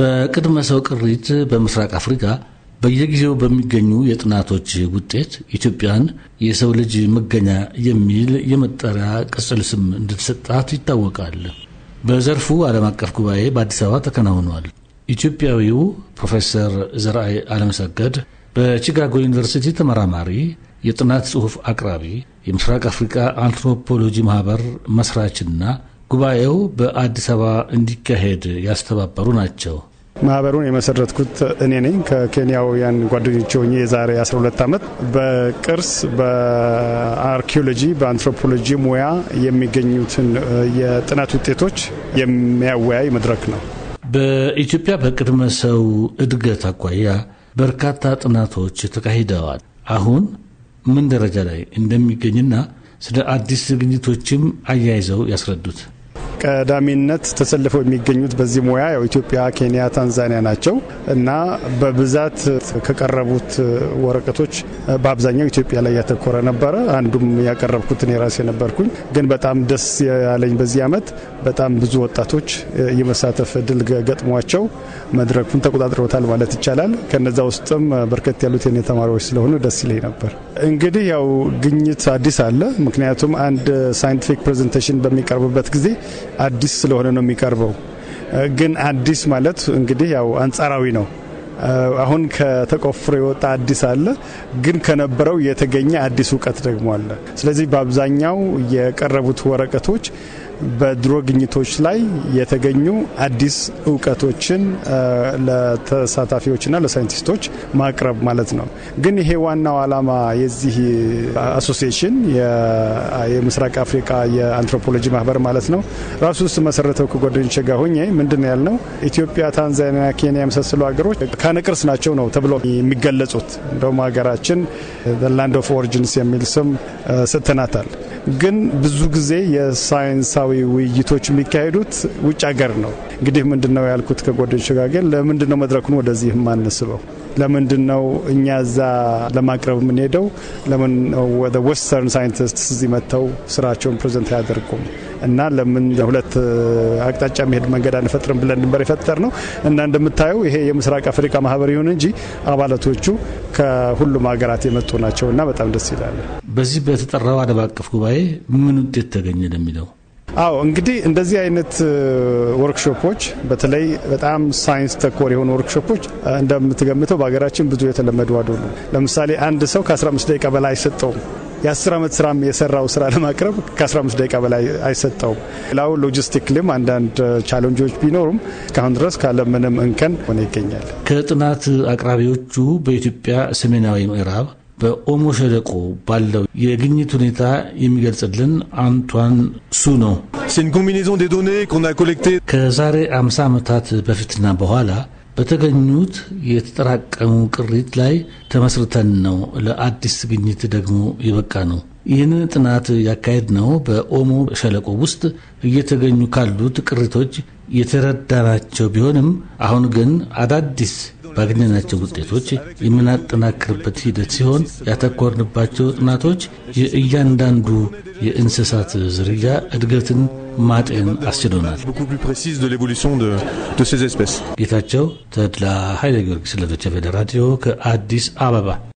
በቅድመ ሰው ቅሪት በምስራቅ አፍሪካ በየጊዜው በሚገኙ የጥናቶች ውጤት ኢትዮጵያን የሰው ልጅ መገኛ የሚል የመጠሪያ ቅጽል ስም እንደተሰጣት ይታወቃል። በዘርፉ ዓለም አቀፍ ጉባኤ በአዲስ አበባ ተከናውኗል። ኢትዮጵያዊው ፕሮፌሰር ዘርአይ አለመሰገድ በቺካጎ ዩኒቨርሲቲ ተመራማሪ፣ የጥናት ጽሑፍ አቅራቢ፣ የምስራቅ አፍሪካ አንትሮፖሎጂ ማህበር መስራችና ጉባኤው በአዲስ አበባ እንዲካሄድ ያስተባበሩ ናቸው። ማህበሩን የመሰረትኩት እኔ ነኝ ከኬንያውያን ጓደኞች ሆኜ የዛሬ 12 ዓመት በቅርስ በአርኪኦሎጂ በአንትሮፖሎጂ ሙያ የሚገኙትን የጥናት ውጤቶች የሚያወያይ መድረክ ነው። በኢትዮጵያ በቅድመ ሰው እድገት አኳያ በርካታ ጥናቶች ተካሂደዋል። አሁን ምን ደረጃ ላይ እንደሚገኝና ስለ አዲስ ዝግጅቶችም አያይዘው ያስረዱት ቀዳሚነት ተሰልፈው የሚገኙት በዚህ ሙያ ያው ኢትዮጵያ፣ ኬንያ፣ ታንዛኒያ ናቸው እና በብዛት ከቀረቡት ወረቀቶች በአብዛኛው ኢትዮጵያ ላይ ያተኮረ ነበረ። አንዱም ያቀረብኩትን የራሴ ነበርኩኝ። ግን በጣም ደስ ያለኝ በዚህ አመት በጣም ብዙ ወጣቶች የመሳተፍ እድል ገጥሟቸው መድረኩን ተቆጣጥረውታል ማለት ይቻላል። ከነዛ ውስጥም በርከት ያሉት የኔ ተማሪዎች ስለሆኑ ደስ ይለኝ ነበር። እንግዲህ ያው ግኝት አዲስ አለ። ምክንያቱም አንድ ሳይንቲፊክ ፕሬዘንቴሽን በሚቀርብበት ጊዜ አዲስ ስለሆነ ነው የሚቀርበው። ግን አዲስ ማለት እንግዲህ ያው አንጻራዊ ነው። አሁን ከተቆፍሮ የወጣ አዲስ አለ፣ ግን ከነበረው የተገኘ አዲስ እውቀት ደግሞ አለ። ስለዚህ በአብዛኛው የቀረቡት ወረቀቶች በድሮ ግኝቶች ላይ የተገኙ አዲስ እውቀቶችን ለተሳታፊዎችና ለሳይንቲስቶች ማቅረብ ማለት ነው። ግን ይሄ ዋናው ዓላማ የዚህ አሶሲሽን የምስራቅ አፍሪካ የአንትሮፖሎጂ ማህበር ማለት ነው ራሱ ውስጥ መሰረተው ከጓደኞች ጋር ሆኜ ምንድን ያልነው ኢትዮጵያ፣ ታንዛኒያ፣ ኬንያ የመሳሰሉ ሀገሮች መካነ ናቸው ነው ተብሎ የሚገለጹት። እንደውም ሀገራችን ላንድ ኦፍ ኦሪጅንስ የሚል ስም ስትናታል። ግን ብዙ ጊዜ የሳይንሳዊ ውይይቶች የሚካሄዱት ውጭ ሀገር ነው። እንግዲህ ምንድን ነው ያልኩት ከጎደን ጋር ለምንድን ነው መድረኩን ወደዚህ የማንስበው? ለምንድን ነው እኛ እዛ ለማቅረብ የምንሄደው? ለምን ወደ ዌስተርን ሳይንቲስት እዚህ መጥተው ስራቸውን ፕሬዘንት አያደርጉም? እና ለምን ሁለት አቅጣጫ የሚሄድ መንገድ አንፈጥርም ብለን ድንበር የፈጠር ነው እና እንደምታየው ይሄ የምስራቅ አፍሪካ ማህበር ይሁን እንጂ አባላቶቹ ከሁሉም ሀገራት የመጡ ናቸው እና በጣም ደስ ይላል። በዚህ በተጠራው ዓለም አቀፍ ጉባኤ ምን ውጤት ተገኘ ለሚለው አዎ እንግዲህ እንደዚህ አይነት ወርክሾፖች በተለይ በጣም ሳይንስ ተኮር የሆኑ ወርክሾፖች እንደምትገምተው በሀገራችን ብዙ የተለመዱ አይደሉም። ለምሳሌ አንድ ሰው ከ15 ደቂቃ በላይ አይሰጠውም። የአስር ዓመት ስራም የሰራው ስራ ለማቅረብ ከ15 ደቂቃ በላይ አይሰጠውም። ሌላው ሎጂስቲክሊም አንዳንድ ቻለንጆች ቢኖሩም እስካሁን ድረስ ምንም እንከን ሆነ ይገኛል። ከጥናት አቅራቢዎቹ በኢትዮጵያ ሰሜናዊ ምዕራብ በኦሞ ሸለቆ ባለው የግኝት ሁኔታ የሚገልጽልን አንቷን ሱ ነው። ከዛሬ 50 ዓመታት በፊትና በኋላ በተገኙት የተጠራቀሙ ቅሪት ላይ ተመስርተን ነው ለአዲስ ግኝት ደግሞ የበቃ ነው። ይህንን ጥናት ያካሄድ ነው በኦሞ ሸለቆ ውስጥ እየተገኙ ካሉት ቅሪቶች የተረዳናቸው ቢሆንም አሁን ግን አዳዲስ ባገኘናቸው ውጤቶች የምናጠናክርበት ሂደት ሲሆን ያተኮርንባቸው ጥናቶች የእያንዳንዱ የእንስሳት ዝርያ እድገትን ማጤን አስችሎናል። ጌታቸው ተድላ ኃይለ ጊዮርጊስ ለዶቸ ቬለ ራዲዮ ከአዲስ አበባ